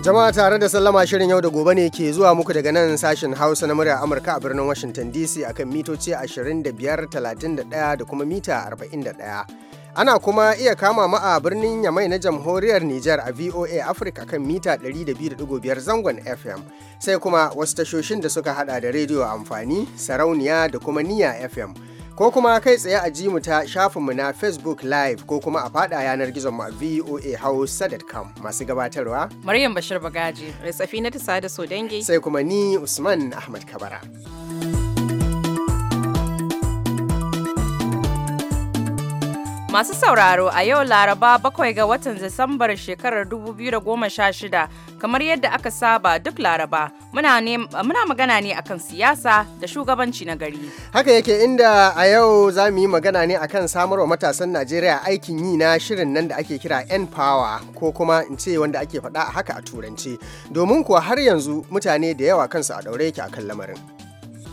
Jama'a tare da sallama shirin yau da gobe ne ke zuwa muku daga nan sashen Hausa na murya Amurka a birnin Washington DC akan mitoci 25, 31 da kuma mita 41. Ana kuma iya kama mu a birnin Yamai na jamhuriyar Nijar a VOA Africa kan mita 102.5 zangon FM. Sai kuma wasu tashoshin da suka hada da rediyo amfani, sarauniya da kuma niya FM. ko kuma kai tsaye a ji mu ta shafinmu na Facebook Live ko kuma a faɗa yanar gizon mu a VOA Hausa.com masu gabatarwa. Maryam Bashir Bagaji, Ritsafi na Tisa da dange? Sai kuma ni Usman Ahmad Kabara. Masu sauraro a yau Laraba bakwai ga watan Disambar shekarar 2016 kamar yadda aka saba duk Laraba muna, magana ne akan siyasa da shugabanci na gari. Haka yake inda a yau za mu yi magana ne akan samarwa matasan Najeriya aikin yi na shirin nan da ake kira N Power ko kuma in ce wanda ake faɗa haka a turanci domin kuwa har yanzu mutane da yawa kansu a ɗaure yake akan lamarin.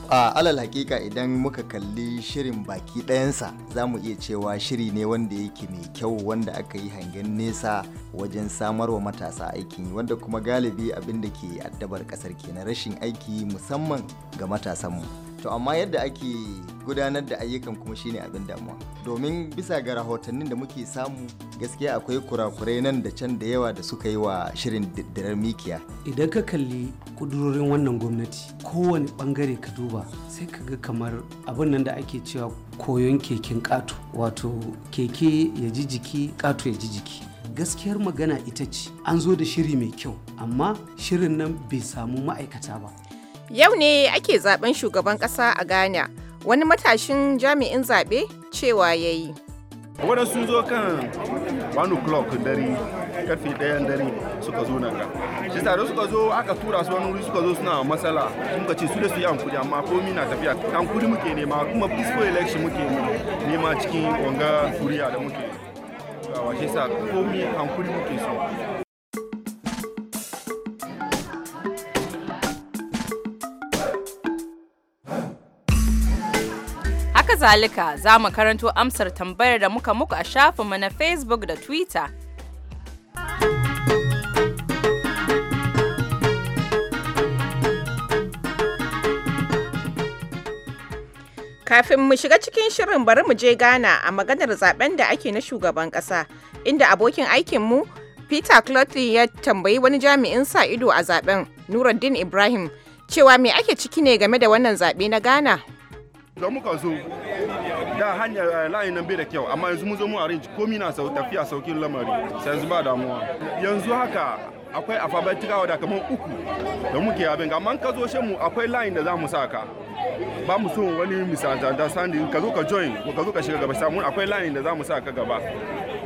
a alal hakika idan muka kalli shirin baki ɗayansa za mu iya cewa shiri ne wanda yake mai kyau wanda aka yi hangen nesa wajen samarwa matasa aikin yi wanda kuma galibi abin da ke addabar ƙasar na rashin aiki musamman ga matasanmu to amma yadda ake gudanar da ayyukan kuma shine abin damuwa domin bisa ga rahotannin da muke samu gaskiya akwai kurakurai nan da can da yawa da suka yi wa shirin dirar mikiya idan ka kalli kudurorin wannan gwamnati kowane bangare ka duba sai ka ga kamar abin nan da ake cewa koyon keken ƙato wato keke ya ji jiki ƙato ya ji jiki gaskiyar magana ita ce an zo da shiri mai kyau amma shirin nan bai samu ma'aikata ba Yau ne ake zaben shugaban ƙasa a Ghana, wani matashin jami'in zaɓe cewa ya yi. wadanda sun zo kan 1 o'clock dare karfe ɗayan dare suka zo nan ga shi tare suka zo aka tura su wani wuri suka zo suna matsala ka ce su da su yi amfani amma komi na tafiya kudi muke nema kuma peaceful election muke nema cikin wanga kuriya da muke wa shi sa komi hankuri muke so zalika za mu karanto amsar tambayar da muka muku a shafinmu na Facebook da Twitter. Kafin mu shiga cikin shirin bari mu je Ghana a maganar zaben da ake na shugaban ƙasa, inda abokin aikinmu Peter Clotty ya tambayi wani jami'in sa ido a zaben Nuruddin Ibrahim cewa me ake ciki ne game da wannan zaɓe na Ghana. Za muka zo da hanyar eh, layin nan bai da kyau amma yanzu mun zo mu arrange komi na tafiya saukin lamari sai yanzu ba damuwa. Yanzu haka akwai alfabetikawa da kamar uku da muke abin amma ka zo mu akwai layin da za mu sa ka ba mu so wani sandi ka zo ka join ka zo ka shiga gaba samu akwai layin da za mu sa ka gaba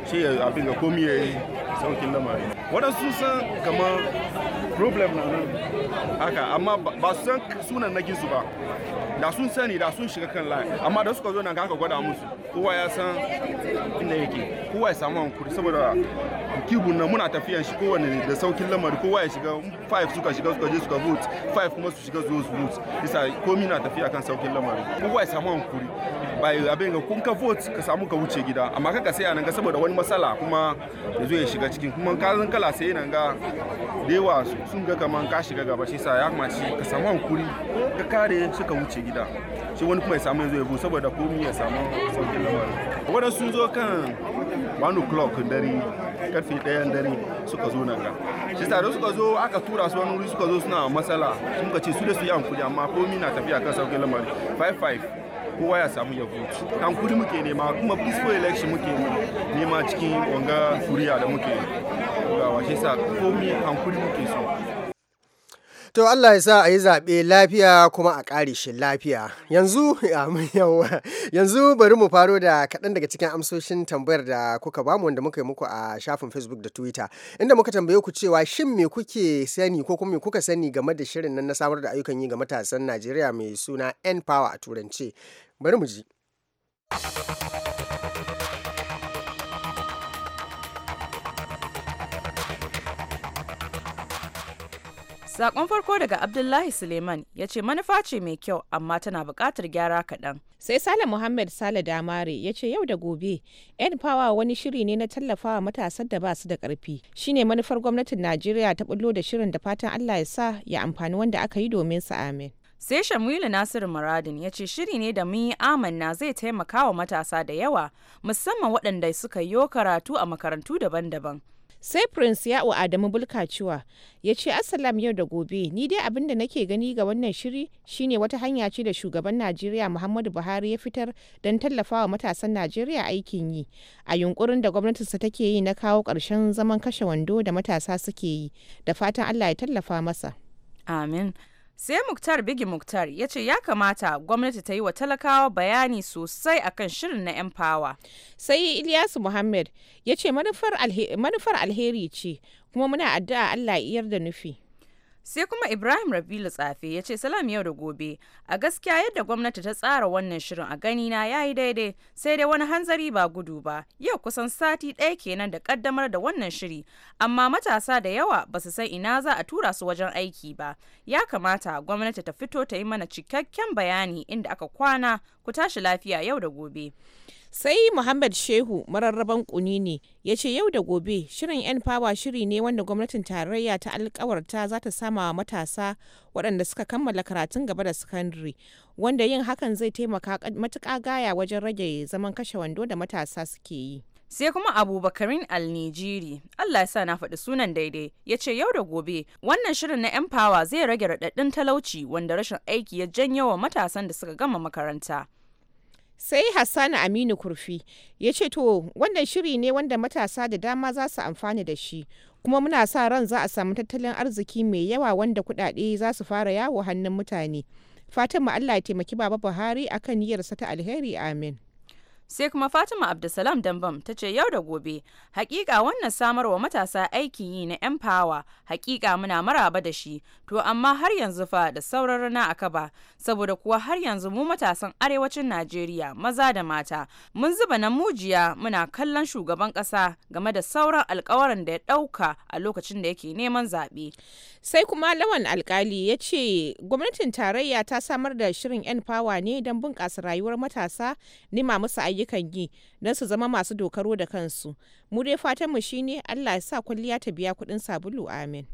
shi abin ga komi ya yi saukin lamari waɗansu san kamar problem na nan haka amma ba su san sunan na gizu ba da sun sani da sun shiga kan line amma da suka zo nan haka gwada musu kowa ya san inda yake kowa ya samu hankuri saboda kibun nan muna tafiyan shi kowane da saukin lamari kowa ya shiga 5 suka shiga suka je suka vote 5 kuma su shiga zuwa su vote bisa komi na tafiya kan saukin lamari kowa ya samu hankuri bai abin ga kun ka vote ka samu ka wuce gida amma ka sai a nan ga saboda wani matsala kuma ya zo ya shiga cikin kuma kazan kala sai nan ga da yawa sun ga kaman ka shiga gaba shi sa ya kamaci ka samu hankuri ka kare shi ka wuce gida shi wani kuma ya samu yanzu ya bu saboda komi ya samu saukin lamarin wadanda sun zo kan 1 o'clock dare karfe ɗayan dare suka zo nan ga shi tare suka zo aka tura su wani wuri suka zo suna matsala sun ka ce su da su yi hankuri amma komi na tafiya kan saukin lamari 5-5 kowa ya samu ya vote hankuri muke nema kuma peaceful election muke nema cikin wanga kuriya da muke shi sa komi hankuri muke so To Allah ya sa a yi zaɓe lafiya kuma a ƙare shi lafiya. Yanzu yanzu bari mu faro da kaɗan daga cikin amsoshin tambayar da kuka bamu wanda muka yi muku a shafin Facebook da Twitter. Inda muka tambaye ku cewa shin me kuke sani ko kuma me kuka sani game da shirin nan na samar da ayyukan yi ga matasan Najeriya mai suna N Power a Turance. Bari mu ji. Sakon farko daga Abdullahi Suleiman ya ce manufa ce mai kyau amma tana buƙatar gyara kaɗan. Sai Sale Muhammad Sale Damare ya ce yau da gobe, ‘yan fawa wani shiri ne na tallafawa matasan da ba su da ƙarfi. shine manufar gwamnatin Najeriya ta bullo da shirin da fatan Allah ya sa ya amfani wanda aka yi domin su amin. sai shamilu nasiru muradin ya ce shiri ne da mun yi amanna zai taimaka wa matasa da yawa musamman waɗanda suka yi karatu a makarantu daban-daban sai prince ya'u adamu cewa ya ce assalam yau da gobe ni dai abin da nake gani ga wannan shiri shine wata hanya ce da shugaban najeriya muhammadu buhari ya fitar don tallafawa matasan najeriya aikin yi a yunkurin da gwamnatinsa take yi na kawo ƙarshen zaman kashe wando da matasa suke yi da fatan allah ya tallafa masa amin sai muktar bigi muktar ya ce ya kamata gwamnati ta yi wa talakawa bayani sosai akan shirin na 'yan fawa sai ilyasu muhammed ya ce manufar alheri ce kuma muna addu'a allah iyar da nufi sai kuma ibrahim rabilu tsafe ya ce salam yau da gobe a gaskiya yadda gwamnati ta tsara wannan shirin a ganina ya yi daidai sai dai wani hanzari ba gudu ba yau kusan sati ɗaya kenan da kaddamar da wannan shiri amma matasa da yawa ba su san ina za a tura su wajen aiki ba ya kamata gwamnati ta fito ta yi mana cikakken bayani inda aka kwana ku tashi lafiya yau da gobe sai muhammad shehu mararraban kuni ne ya ce yau da gobe shirin yan fawa shiri ne wanda gwamnatin tarayya ta alkawarta za ta sama wa matasa waɗanda suka kammala karatun gaba da sakandare wanda yin hakan zai taimaka matuƙa gaya wajen rage zaman kashe wando da matasa suke yi sai kuma abubakarin alnijiri allah ya sa na faɗi sunan daidai ya ce yau da gobe wannan shirin na yan fawa zai rage raɗaɗɗin talauci wanda rashin aiki ya janyo wa matasan da suka gama makaranta sai hassan aminu kurfi ya ce to wannan shiri ne wanda matasa da dama za su amfani da shi kuma muna sa ran za a samu tattalin arziki mai yawa wanda kudade za su fara yawo hannun mutane fatan mu allah ya taimaki baba buhari a kan niyyarsa ta alheri amin sai kuma fatima abdulsalam dambam ta ce yau da gobe hakika wannan samarwa matasa aikin yi na empower hakika muna maraba da shi to amma har yanzu fa da sauran rana a kaba saboda kuwa har yanzu mu matasan arewacin najeriya maza da mata mun zuba na mujiya muna kallon shugaban kasa game da sauran alkawarin da ya dauka a lokacin da yake neman zaɓe sai kuma lawan alkali ya ce gwamnatin tarayya ta samar da shirin empower ne don bunƙasa rayuwar matasa nima musu ayyuka ayyukan yi don su zama masu dokaro da kansu. Mu dai fatanmu shine Allah ya sa kwalliya ta biya kuɗin sabulu amin.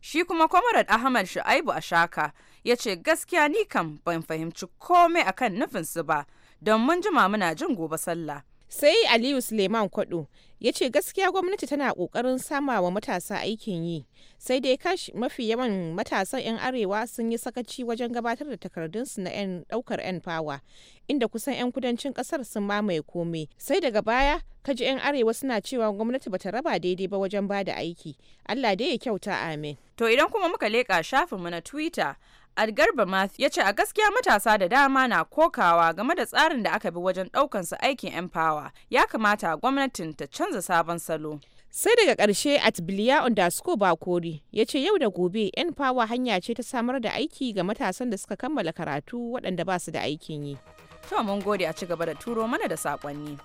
Shi kuma Comrade Ahmad Shu'aibu Ashaka ya ce gaskiya ni kam ban fahimci komai akan nufinsu ba don mun jima muna jin gobe sallah. sai aliyu suleiman kwado ya ce gaskiya gwamnati tana kokarin sama wa matasa aikin yi sai dai kash mafi yawan matasan 'yan arewa sun yi sakaci wajen gabatar da takardunsu na 'yan daukar 'yan fawa inda kusan 'yan kudancin kasar sun mamaye komai sai daga baya kaji 'yan arewa suna cewa gwamnati bata raba daidai ba wajen bada aiki allah dai ya kyauta amin to idan kuma muka leƙa shafinmu na twitter Adgarba Math ya ce a gaskiya matasa da dama na kokawa game da tsarin da aka bi wajen ɗaukan su aikin 'yan fawa. Ya kamata gwamnatin ta canza sabon salo. Sai daga ƙarshe at Biliya underscore Bakori ya ce yau da gobe 'yan fawa hanya ce ta samar da aiki ga matasan da suka kammala karatu waɗanda ba su da aikin yi. To mun gode a ci gaba da turo mana da saƙonni.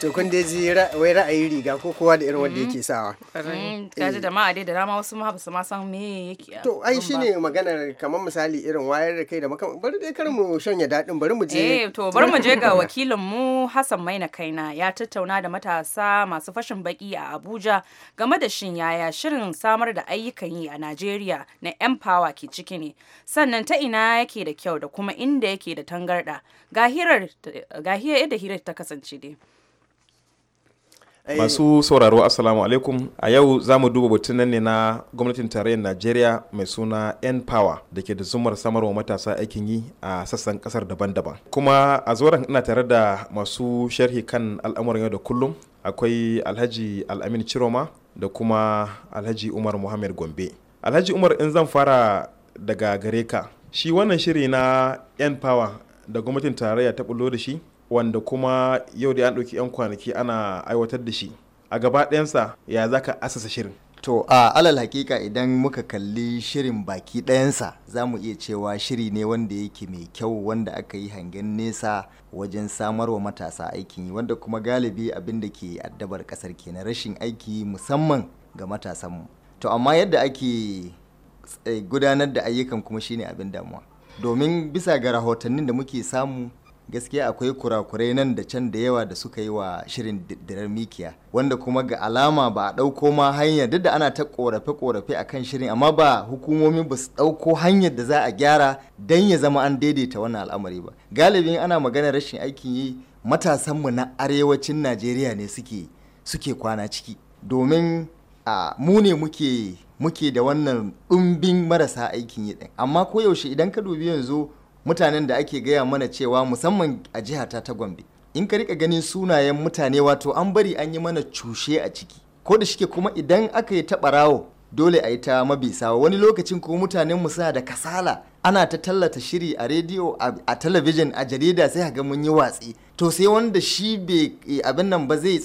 to kun dai ji wai ra'ayi riga ko kowa da irin wanda mm-hmm. yake sawa mm, kaji da eh. ma'a dai da dama wasu ma basu ma san me yake to ai shine maganar kamar misali irin wayar da kai da makam bari dai kar mu shanya dadin bari mu je eh to bari mu je ga wakilin mu Hassan Maina Kaina ya tattauna da matasa masu fashin baki a Abuja game da shin yaya shirin samar da ayyukan yi a Najeriya na Empower ke ciki ne sannan ta ina yake da kyau da kuma inda yake da tangarda ga hirar da hirar ta kasance dai Eh, masu sauraro assalamu alaikum a yau za mu duba batun nan ne na gwamnatin tarayyar najeriya mai suna n power da ke da zumar samar wa matasa aikin yi a sassan kasar daban-daban kuma a zauren ina tare da masu sharhi kan al'amuran yau da kullum akwai alhaji al'amin chiroma da kuma alhaji umar muhammad gombe alhaji umar in zan fara daga gare ka shi wannan shiri na n power da gwamnatin tarayya ta bullo da shi wanda kuma yau da an ɗauki 'yan kwanaki ana aiwatar da shi a gaba ɗayansa ya za ka asasa shirin to a alal hakika idan muka kalli shirin baki ɗayansa za mu iya cewa shiri ne wanda yake mai kyau wanda aka yi hangen nesa wajen samar wa matasa aikin yi wanda kuma galibi abin da ke addabar ƙasar na rashin aiki musamman ga matasan mu to amma yadda ake eh, gudanar da ayyukan kuma shine abin damuwa domin bisa ga rahotannin da muke samu gaskiya akwai kurakurai nan da can da yawa da suka yi wa shirin dirar mikiya wanda kuma ga alama ba a ɗauko ma hanyar duk da ana ta korafe-korafe a kan shirin amma ba hukumomi ba su ɗauko hanyar da za a gyara don ya zama an daidaita wannan al'amari ba galibin ana maganar rashin aikin yi matasanmu na arewacin najeriya ne suke kwana ciki domin a mu ne muke muke da wannan ɗumbin marasa aikin yi amma amma koyaushe idan ka dubi yanzu mutanen da ake gaya mana cewa musamman a jihata ta gombe in ka rika ganin sunayen mutane wato an bari an yi mana cushe a ciki ko da shike kuma idan aka yi taɓarawo dole a yi ta mabisa wani lokacin ko mutanen mu da kasala ana ta tallata shiri a rediyo a talabijin a jarida sai ga mun yi watsi to sai wanda shi bai e, abin nan ba zai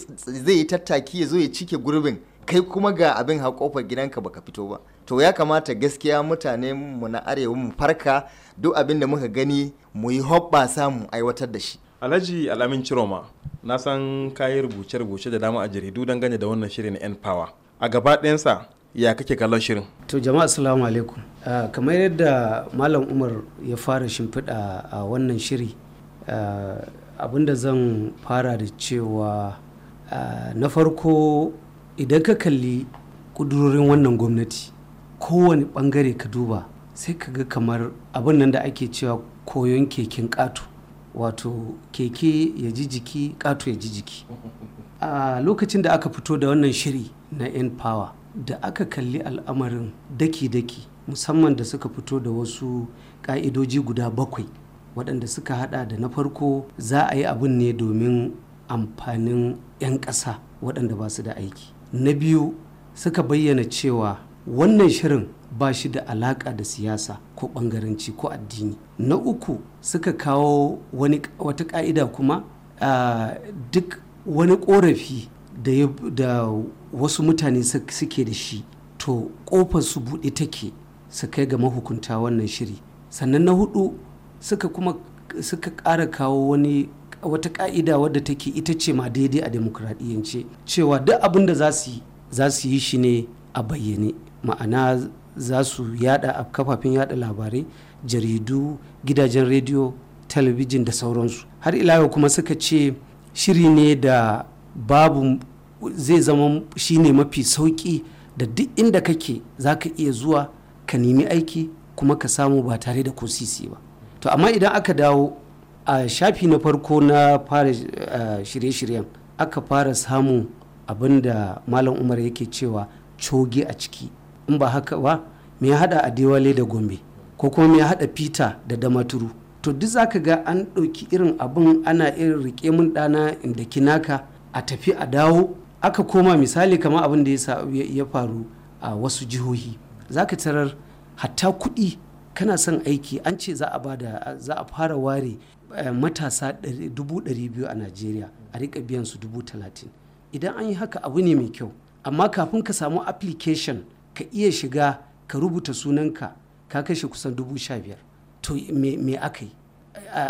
yi tattaki ya zo ya cike gurbin kai kuma ga abin ha kofar gidanka baka fito ba to ya kamata gaskiya mutane mu na arewa mu farka duk abin da muka gani mu yi hoɓɓasa mu aiwatar da shi alhaji alamin ciroma na san kayi rubuce-rubuce da dama a jaridu don gane da wannan shirin n power a gaba ɗayansa ya kake kallon shirin to jama'a assalamu alaikum ah, kamar yadda malam umar ya fara shimfiɗa a wannan shiri ah, abin abinda zan fara da cewa ah, na farko idan ka kalli kudurorin wannan gwamnati kowane bangare ka duba sai ka ga kamar abin nan da ake cewa koyon keken ƙato wato keke ya ji jiki ƙato ya ji jiki a lokacin da aka fito da wannan shiri na in power da aka kalli al'amarin daki-daki musamman da suka fito da wasu ƙa'idoji guda bakwai waɗanda suka hada da na farko za a yi abin ne domin amfanin 'yan ƙasa waɗanda ba su da aiki na biyu suka bayyana cewa wannan shirin ba shi da alaƙa da siyasa ko ɓangaranci ko addini na uku suka kawo wata ƙa'ida kuma duk wani ƙorafi da wasu mutane suke da shi to ƙofar su buɗe take su kai ga mahukunta wannan shiri sannan na hudu suka kuma suka ƙara kawo wani wata ƙa'ida wadda take ita ce ma daidai a demokuraɗiyance cewa duk abin da za su yi shi ne a bayyane ma'ana za su yada a kafafen yada labarai jaridu gidajen rediyo talabijin da sauransu har ila yau kuma suka ce shiri ne da babu zai zama shi ne mafi sauki da duk inda kake za ka iya zuwa ka nemi aiki kuma ka samu ba tare da ko sisi ba to amma idan aka dawo a shafi na farko na fara shirye-shiryen aka fara samun abinda malam umar yake cewa coge a ciki in ba haka ba me ya hada adewale da gombe ko kuma me ya hada peter da damaturu to duk zaka ga an ɗauki irin abin ana irin rike mun ɗana inda kinaka a tafi a dawo aka koma misali kamar abin da ya faru a wasu jihohi zaka tarar hatta kuɗi kana son aiki an ce za a bada za a fara ware eh, matasa biyu a najeriya a rika biyan su talatin. idan an yi haka abu ne mai kyau amma kafin ka samu application ka iya shiga ka rubuta sunanka ka kashe kusan dubu sha biyar to me aka yi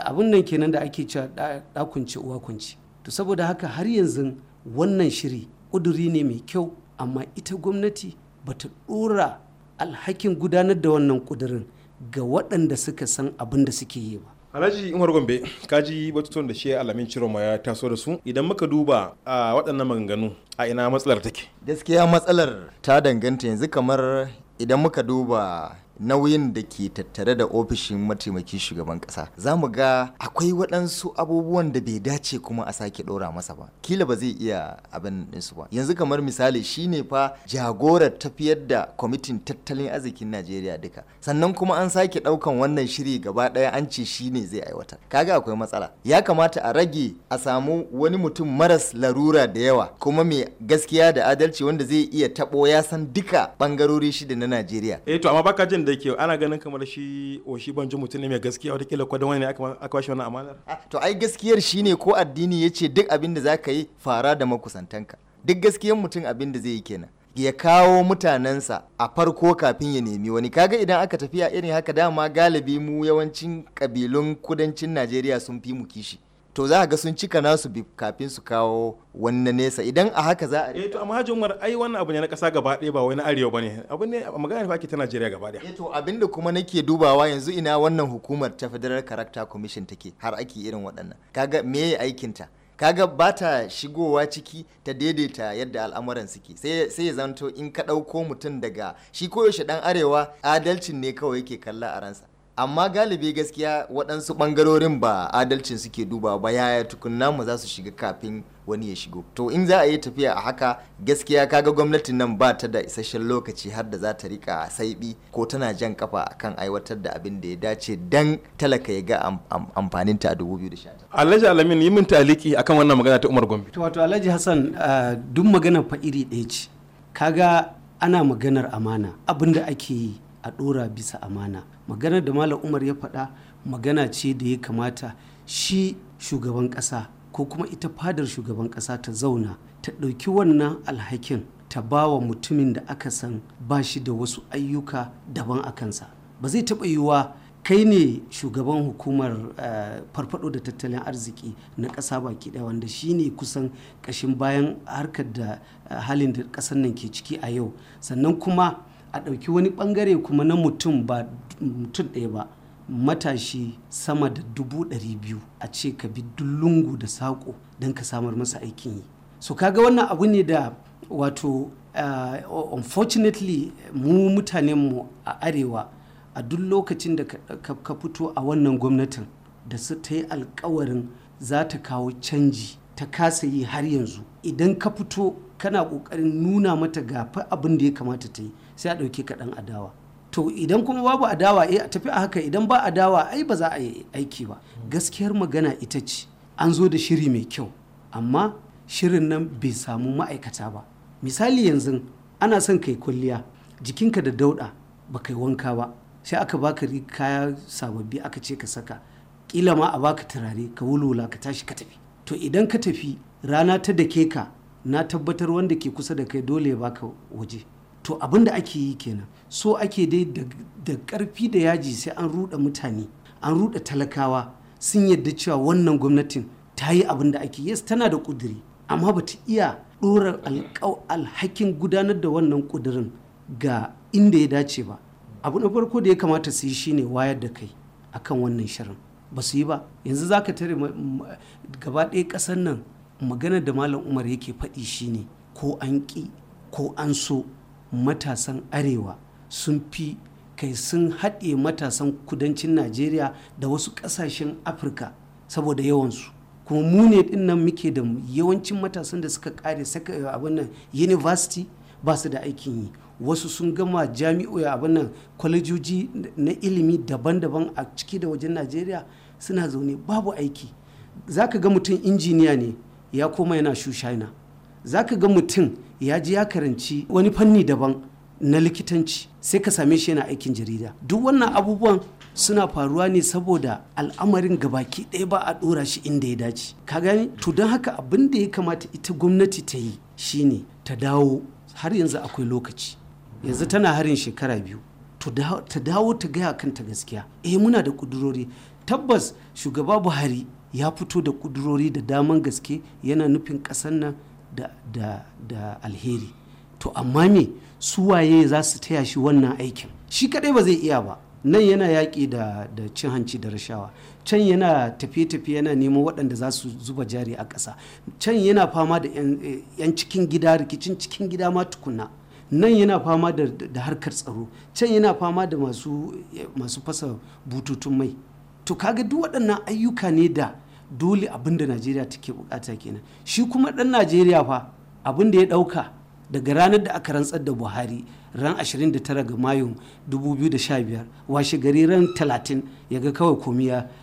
abin nan kenan da ake cewa ɗakunce uwa kunci to saboda haka har yanzu wannan shiri ƙuduri ne mai kyau amma ita gwamnati ba ta ɗora alhakin gudanar da wannan ƙudurin ga waɗanda suka san abin da suke yi ba alhaji umar gombe kaji batutuwan da shi alamin ciroma ya taso da su idan muka duba a waɗannan maganganu a ina matsalar take gaskiya matsalar ta danganta yanzu kamar idan muka duba nauyin da ke tattare da ofishin mataimakin shugaban kasa za mu ga akwai waɗansu abubuwan da bai dace kuma a sake ɗora masa ba kila ba zai iya abin ɗinsu ba yanzu kamar misali shine fa jagorar tafiyar da kwamitin tattalin arzikin najeriya duka sannan kuma an sake ɗaukan wannan shiri gaba ɗaya an ce ne zai aiwatar kaga akwai matsala ya kamata a rage a samu wani mutum maras larura da yawa kuma mai gaskiya da adalci wanda zai iya taɓo ya san duka ɓangarori shida na najeriya eh to amma baka jin da ke ana ganin kamar shi o shi banjo mutum ne mai gaskiya kila kwadon wani ne aka bashi wani amanar ah, to ai gaskiyar shi ne ko addini ya ce duk abin da za ka yi fara da makusantanka duk gaskiyar mutum abin da zai yi kenan ya kawo mutanensa a farko kafin ya nemi wani kaga idan aka tafi a irin haka dama galibi mu yawancin kabilun kudancin najeriya sun fi mu kishi to za a ga sun cika nasu kafin su kawo wannan nesa idan a haka za a eh to amma hajjumar ai wannan abu ne na kasa gaba ɗaya ba wai na arewa bane abu ne magana fa ke ta Najeriya gaba ɗaya eh to abinda kuma nake dubawa yanzu ina wannan hukumar ta Federal Character Commission take har ake irin waɗannan kaga me aikin ta kaga ba ta shigowa ciki ta daidaita yadda al'amuran suke sai ya zanto in ka ɗauko mutum daga shi koyaushe ɗan arewa adalcin ne kawai yake kalla a ransa amma galibi gaskiya waɗansu ɓangarorin ba adalcin suke duba ba yaya tukunna mu za su shiga kafin wani ya shigo to in za a yi tafiya a haka gaskiya kaga gwamnatin nan ba ta da isasshen lokaci har da za ta rika saibi ko tana jan kafa akan aiwatar da abin da ya dace dan talaka ya ga amfanin ta a 2019 Alhaji Alamin yi min taliki akan wannan magana ta Umar Gombe to wato Alhaji Hassan duk magana fa iri ɗaya ce kaga ana maganar amana abin da ake yi a ɗora bisa amana magana da malam umar ya faɗa magana ce da ya kamata shi shugaban ƙasa ko kuma ita fadar shugaban ƙasa ta zauna ta ɗauki wannan alhakin ta ba wa mutumin da aka san ba shi da wasu ayyuka daban a kansa ba zai taɓa yiwuwa kai ne shugaban hukumar eh, farfado da tattalin arziki na ƙasa baki ɗaya wanda shi ne kusan ƙashin bayan harkar da eh, halin da ƙasar nan ke ciki a yau sannan kuma a ɗauki wani ɓangare kuma na mutum ba mutum ɗaya ba matashi sama da dubu ɗari biyu a ce ka bi duk lungu da saƙo don ka samar masa aikin yi so ga wannan abu ne da wato uh, unfortunately mu mutanenmu a arewa a duk lokacin da ka fito a wannan gwamnatin da su ta yi alkawarin za ta kawo canji ta kasa yi har yanzu idan ka fito kana ƙoƙarin nuna mata gafi abin da ya kamata ta yi sai a ɗauke kaɗan adawa to idan kuma babu adawa eh a tafi a haka idan ba adawa ai ba za a yi aiki ba gaskiyar magana ita ce an zo da shiri mai kyau amma shirin nan bai samu ma'aikata ba misali yanzu ana son kai kwalliya jikinka da dauɗa ba kai wanka ba sai aka baka kaya sababbi aka ce ka saka kila ma a baka turare ka wulwula ka tashi ka tafi to idan ka tafi rana ta dake ka na tabbatar wanda ke kusa da kai dole ya baka waje to abin da ake yi kenan so ake dai da karfi da yaji sai an ruɗa mutane an ruɗa talakawa sun yadda cewa wannan gwamnatin ta yi abin da ake yes tana da ƙuduri amma ba ta iya ɗora alhakin gudanar da wannan ƙudurin ga inda ya dace ba abu na farko da ya kamata su yi shine wayar da kai akan wannan shirin ba su yi ba yanzu za ka tare gaba ɗaya ƙasar nan magana da malam umar yake faɗi shine ko an ƙi ko an so matasan arewa sun fi kai sun haɗe matasan kudancin najeriya da wasu ƙasashen afirka saboda yawansu kuma mu ne nan muke da yawancin matasan da suka ƙare saka eh, abin nan university ba su da aikin yi wasu sun gama jami'o'i eh, abin nan kwalejoji na ilimi daban-daban a ciki da wajen najeriya suna zaune babu aiki za ka ga mutum injiniya ne ya koma yana shushaina za ka ga mutum ya ji ya karanci wani fanni daban na likitanci sai ka same shi yana aikin jarida duk wannan abubuwan suna faruwa ne saboda al'amarin ga baki ɗaya ba a ɗora shi inda ya dace ka gani to don haka abin da ya kamata ita gwamnati ta yi shine ta dawo har yanzu akwai lokaci yanzu tana harin shekara biyu ta dawo ta gaya kanta gaskiya eh muna da kudurori tabbas shugaba buhari ya fito da kudurori da daman gaske yana nufin ƙasar nan da alheri to amma me su waye za su taya shi wannan aikin shi kadai ba zai iya ba nan yana yaƙi da da cin hanci da rashawa can yana tafiye-tafiye yana neman waɗanda za su zuba jari a ƙasa can yana fama da 'yan cikin gida rikicin cikin gida ma tukuna nan yana fama da harkar tsaro can yana fama da masu fasa bututun mai to kaga duk waɗannan ayyuka ne da dole abin da najeriya take bukata kenan shi kuma dan najeriya fa abin da ya dauka daga ranar da aka rantsar da buhari ran 29 ga mayu 2015 washe gari ran 30 ya ga kawai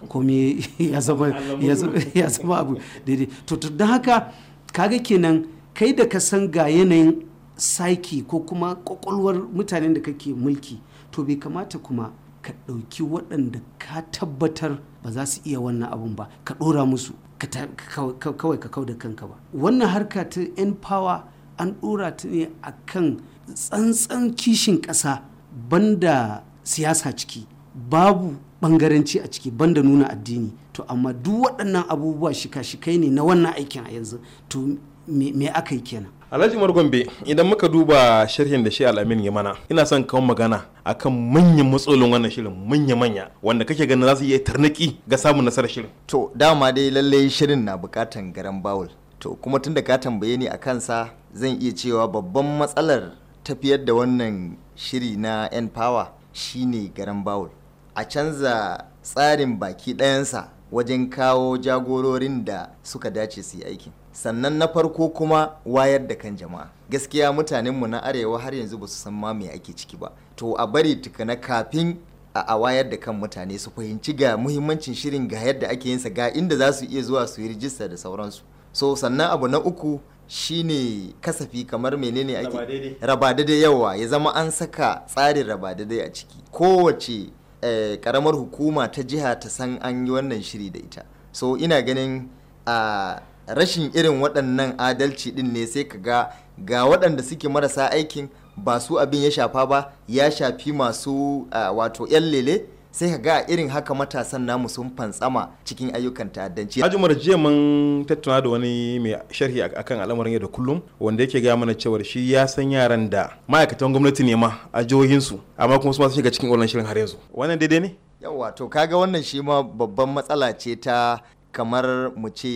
komi ya zama abu daidai to don haka kaga kenan kai da ka san ga yanayin saki ko kuma kwakwalwar mutanen da kake mulki to bai kamata kuma ka ɗauki waɗanda ka tabbatar ba za su iya wannan abun ba ka ɗora musu kawai ka kau da kanka ba wannan harka ta yan power an ɗora ta ne a kan tsantsan kishin ƙasa banda siyasa ciki babu ɓangaranci a ciki banda nuna addini to amma duk waɗannan abubuwa shika-shikai ne na wannan aikin a yanzu to me aka yi kenan alhaji umar gombe idan muka duba sharhin da shi al'amin ya mana ina son kawo magana akan manyan matsalolin wannan shirin manya-manya wanda kake ganin za su iya tarnaki ga samun nasarar shirin to dama dai lallai shirin na bukatan garan bawul to kuma tun da ka tambaye ni a kansa zan iya cewa babban matsalar tafiyar da wannan shiri na yan power shine garan bawul a canza tsarin baki ɗayansa wajen kawo jagororin da suka dace su yi aikin sannan na farko kuma wayar da kan jama'a gaskiya mutanenmu na arewa har yanzu ba su san ma me ake ciki ba to a bari tukuna kafin a wayar da kan mutane su fahimci ga muhimmancin shirin ga yadda ake yinsa ga inda za su iya zuwa su yi rijista da sauransu so sannan abu na uku shine kasafi kamar menene ake raba daidai yawa ya zama an saka tsarin raba daidai a ciki kowace eh, karamar hukuma ta jiha ta san an yi wannan shiri da ita so ina ganin a ah, rashin irin waɗannan adalci ɗin ne sai ka ga ga waɗanda suke marasa aikin ba su abin ya shafa ba ya shafi masu wato 'yan lele sai ka ga irin haka matasan namu sun fantsama cikin ayyukan ta'addanci. Hajumar jiya mun tattauna da wani mai sharhi akan al'amarin yau da kullum wanda yake gaya mana cewar shi ya san yaran da ma'aikatan gwamnati ne ma a jihohinsu amma kuma su ma shiga cikin wannan shirin har yanzu. Wannan daidai ne? Yawwa to kaga wannan shi ma babban matsala ce ta kamar mu ce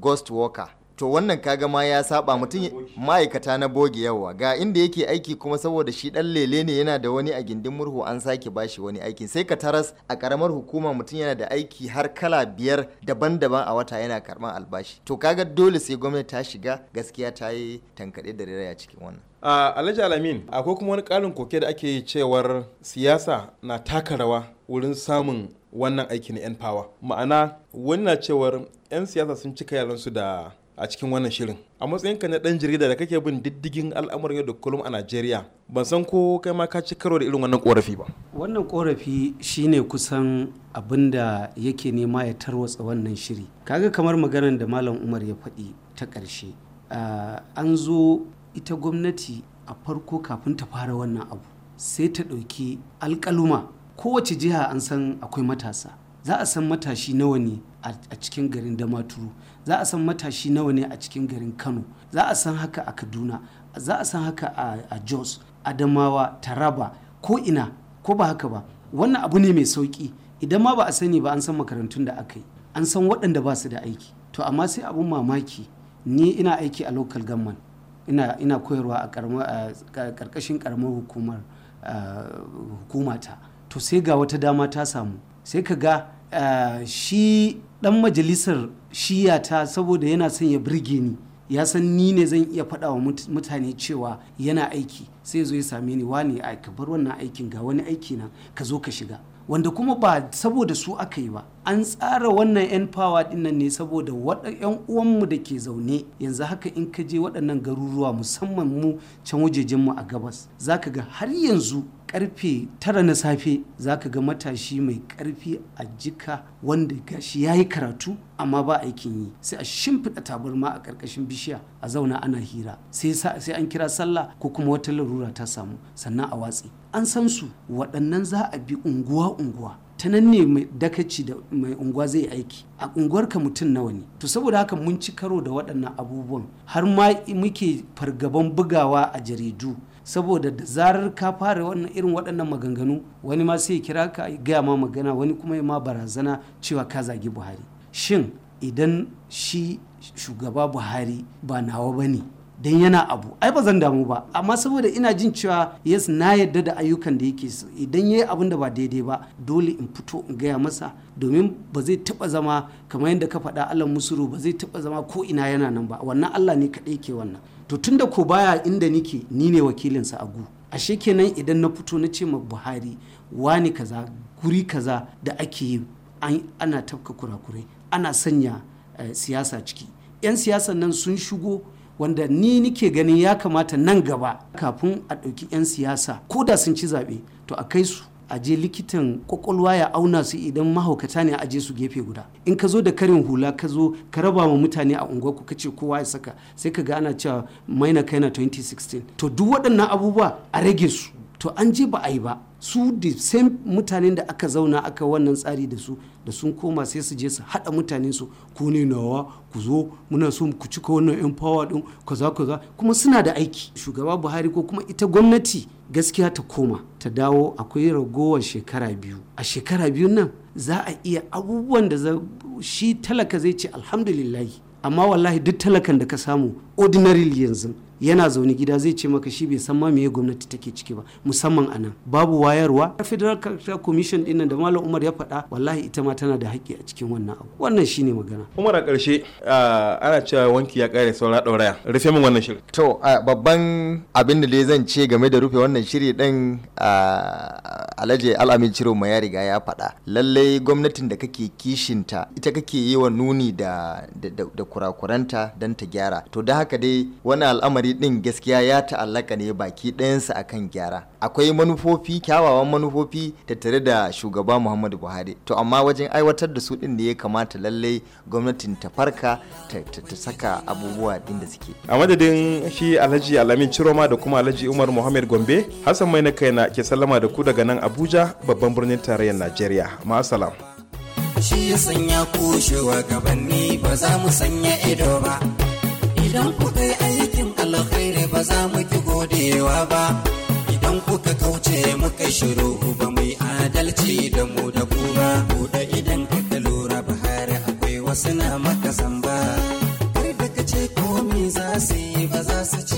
ghost worker to wannan kaga ma ya saba mutum ma'aikata na bogi yawa ga inda yake aiki kuma saboda shi dan lele ne yana da wani a gindin murhu an sake bashi wani aiki sai ka taras a karamar hukuma mutum yana da aiki har kala biyar daban-daban a wata yana karban albashi to kaga dole sai gwamnati ta shiga gaskiya ta yi tankaɗe da raya cikin wannan a alhaji alamin akwai kuma wani ƙarin koke da ake cewar siyasa na taka rawa wurin samun wannan aiki na 'yan fawa ma'ana wannan cewar 'yan siyasa sun cika su da a cikin wannan shirin a matsayin ka na dan jarida da kake bin diddigin al'amuran yau da kullum a najeriya ban san ko kai ma ka ci karo da irin wannan korafi ba wannan korafi shine kusan abin da yake nema ya tarwatsa wannan shiri kaga kamar maganar da malam umar ya faɗi ta ƙarshe ah, an zo ita gwamnati a farko kafin ta fara wannan abu sai ta ɗauki alkaluma. kowace jiha an san akwai matasa za a san matashi nawa ne a cikin garin damaturu za a san matashi nawa ne a cikin garin kano za a san haka a kaduna za a san haka a jos adamawa taraba ko ina ko ba haka ba wannan abu ne mai sauki idan ma ba a sani ba an san makarantun da aka yi an san waɗanda ba su da aiki to amma sai abun mamaki ni ina aiki a local government ina, koyarwa a ƙarƙashin ƙaramar hukumar hukumata to sai ga wata dama ta samu sai ka ga uh, shi dan majalisar shiya ta saboda yana son ya birge ni ya san ni ne zan iya faɗa wa mutane cewa yana aiki sai zo ya same ni wane ka bar wannan aikin ga wani aiki na ka zo ka shiga wanda kuma ba saboda su aka yi ba an tsara wannan 'yan fawa dinnan ne saboda waɗa 'yan uwanmu da ke zaune yanzu haka in ka je waɗannan garuruwa musamman mu can wajejenmu a gabas za ka ga har yanzu karfe tara na safe za ka ga matashi mai karfi a jika wanda gashi ya yi karatu amma ba aikin yi sai a shimfiɗa tabarma a ƙarƙashin bishiya a zauna ana hira sai an kira sallah ko kuma wata larura ta samu sannan a watsi an san su waɗannan za a bi unguwa unguwa ta nan ne mai dakaci da mai unguwa zai aiki a unguwarka mutum nawa ne to saboda haka mun ci karo da waɗannan abubuwan har ma muke fargaban bugawa a jaridu saboda da zarar ka fara wannan irin waɗannan maganganu wani ma sai kira ka gaya ma magana wani kuma ya ma barazana cewa ka zagi buhari shin idan shi shugaba buhari ba nawa ba ne don yana abu ai ba zan damu ba amma saboda ina jin cewa yes na yadda da ayyukan da yake so idan yayi abin da ba daidai ba dole in fito in gaya masa domin ba zai taba zama kamar yadda ka faɗa Allah musuru ba zai taba zama ko ina yana nan ba wannan Allah ne kaɗai ke wannan to tunda ko baya inda nike ni ne wakilinsa a gu ashe kenan idan na fito na ce ma Buhari wani kaza guri kaza da ake yi ana tafka kurakurai ana sanya eh, siyasa ciki 'yan siyasan nan sun shigo wanda ni nike ganin ya kamata nan gaba kafin a ɗauki 'yan siyasa ko da sun ci zaɓe to a kai su a je likitan kwakwalwa ya auna su idan mahaukata ne a je su gefe guda in ka zo da karin hula ka zo ka raba wa mutane a unguwar ku kace kowa ya saka sai ka ga ana cewa maina na 2016 to duk waɗannan abubuwa a rage su to an je ba a yi ba su da sai mutanen da aka zauna aka wannan tsari da su da sun koma sai su je su haɗa mutanen su ku ne nawa ku zo muna so ku cika wannan yan power din kaza kaza kuma suna da aiki shugaba buhari ko kuma ita gwamnati gaskiya ta koma ta dawo akwai ragowar shekara biyu a shekara biyun nan za a iya abubuwan da shi talaka zai ce alhamdulillahi amma wallahi duk talakan da ka samu ordinary yanzu yana zaune gida zai ce maka shi bai san ma meye gwamnati take ciki ba musamman a nan babu wayarwa federal cultural commission din da malam umar ya faɗa wallahi ita ma tana da haƙƙi a cikin wannan abu wannan shine magana umar a ƙarshe ana cewa wanki ya ƙare saura ɗauraya rufe min wannan shirin to babban abin da dai zan ce game da rufe wannan shiri din alhaji al'amin ciro ma ya riga ya faɗa lallai gwamnatin da kake kishinta ita kake yi wa nuni da kurakuranta don ta gyara to da haka dai wani al'amari lamari din gaskiya ya ta'allaka ne baki ɗayansa kan gyara akwai manufofi kyawawan manufofi tattare da shugaba muhammadu buhari to amma wajen aiwatar da su ɗin da ya kamata lallai gwamnatin ta farka ta saka abubuwa din da suke a madadin shi alhaji alamin ciroma da kuma alhaji umar muhammad gombe hassan mai na kaina ke sallama da ku daga nan abuja babban birnin tarayyar najeriya ma'asalam shi ya sanya kushewa gabanni ba za mu sanya ido ba idan kuka ba za mu ki godewa ba idan kuka kauce muka shiru ba mu yi adalci da mu da ku ba buɗe idan kuka lura ba bahari akwai wasu na maka zamba kar da ka ce komi za su yi ba za su ce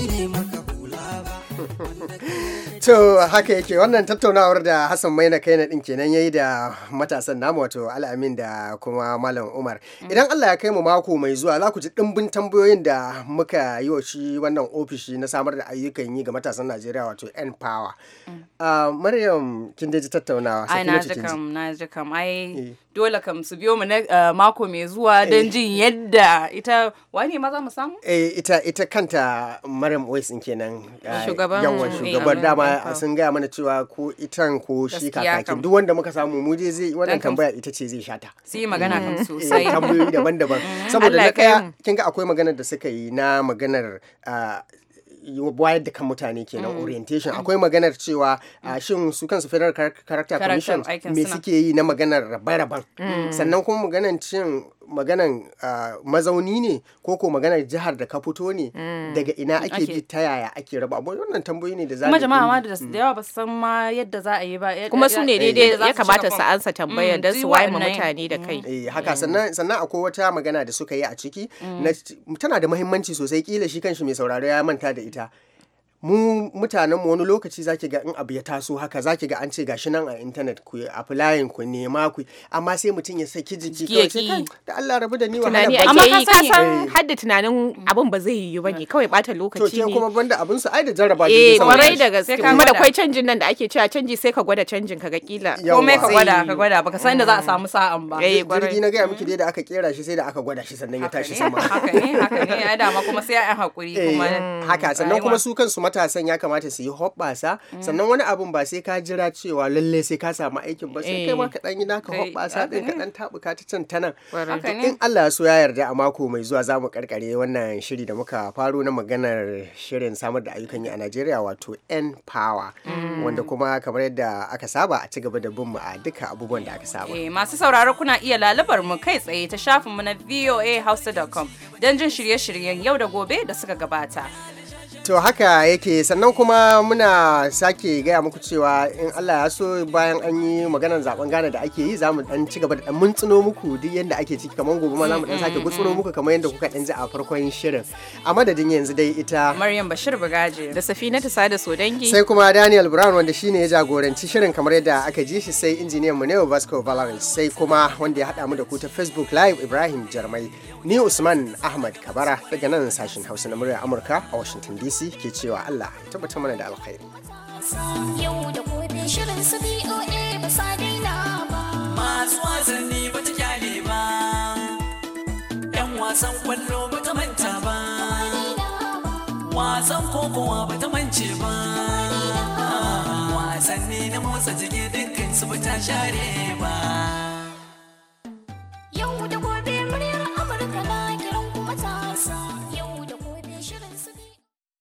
To haka yake wannan tattaunawar da Hassan Maina na din kenan yayi da matasan namu wato Al'amin da kuma Malam Umar. Mm. Idan Allah ya kai mu mako mai zuwa za ku ji dimbin tambayoyin da muka yi wa shi wannan ofishi na samar da ayyukan yi ga matasan Najeriya wato N Power. Mm. Ah, Maryam kin ji tattaunawa. Ai na ji na ji eh. dole kam su biyo mu na eh, mako mai zuwa eh. don jin yadda ita wani ma za mu samu? Eh ita ita kanta Maryam Ois in kenan. Ah, shugaban yawan eh, shugaban dama sun gaya mana cewa ko itan ko shi kakakin duk wanda muka samu mu je zai wannan tambaya ita ce zai shata. Su yi magana kan mm-hmm. sosai. Tambayoyi daban-daban. Saboda na kaya kin ga akwai maganar da suka yi na maganar ah, wayar da kan mutane kenan mm. orientation mm. akwai maganar cewa ah, mm. shin su kansu federal character commission me suke yi na maganar rabe-raben sannan kuma maganar cin maganan mazauni ne ko ko maganar jihar da ka fito ne hmm. daga ina ake bi ta yaya ake raba abu wannan tambayoyi ne da za kuma jama'a ma da hmm. yawa ba san ma yadda za a yi ba kuma su ne daidai ya kamata su ansa tambayar hmm. don su waye mutane da kai eh haka sannan sannan akwai wata magana da suka yi a ciki tana da muhimmanci sosai kila shi kanshi mai sauraro ya manta da ita mu mutanenmu wani lokaci zaki ga in abu ya taso haka zaki ga an ce gashi nan a intanet ku applying ku nema ku amma sai mutum ya saki jiki kawai sai da Allah rabu da ni wahala ba amma ka san eh. hadda tunanin abin ba zai yiwu bane kawai bata lokaci ne to kuma banda abin su ai da jarraba ne eh warai da gaske kuma da kwai canjin nan da ake cewa canji sai ka gwada canjin ka ga kila komai ka gwada ka gwada baka san da za a samu sa'an ba eh jirgi na ga miki dai da aka kera shi sai da aka gwada shi sannan ya tashi sama haka ne haka ne ai dama kuma sai ai hakuri eh, kuma haka sannan kuma su kansu matasan ya kamata su yi hoɓɓasa mm. sannan wani abun ba sai ka jira cewa lalle sai ka samu aikin ba sai kai ma eh. ka dan yi naka hoɓɓasa din ka dan tabuka ta can tana in Allah so ya yarda a mako mai zuwa zamu karkare wannan shiri da muka faro na maganar shirin samar da ayyukan yi a Najeriya wato N Power mm. wanda kuma kamar yadda aka saba a ci gaba da bin mu a duka abubuwan da aka saba eh, masu sauraro kuna iya lalubar mu kai tsaye ta shafin mu na voahausa.com don jin shirye-shiryen yau da gobe da suka gabata To haka yake sannan kuma muna sake gaya muku cewa in Allah ya so bayan an yi maganar zaben Ghana da ake yi zamu dan ci gaba da mun tsino muku duk yanda ake ciki kamar gobe ma zamu dan sake mm, mm, gutsuro mm. muku kamar yanda kuka dan ji a farkon shirin. A madadin yanzu dai ita Maryam Bashir Bugaje. da Safina sada Sodangi sai kuma Daniel Brown wanda shine ya jagoranci shirin kamar yadda aka ji shi sai injiniyan mu ne Vasco Valance sai kuma wanda ya hada mu da ku ta Facebook Live Ibrahim Jarmai. Ni Usman Ahmad Kabara daga nan sashen Hausa na muryar Amurka a Washington DC ke cewa Allah ya tabbatar mana da alkhairi. Masu wasanni ba ta kyale ba. 'Yan wasan kwallo ba ta manta ba. Wasan kokowa ba ta mance ba. Wasanni na motsa jiki dukkan su ba ta share ba. Yau da gobe murya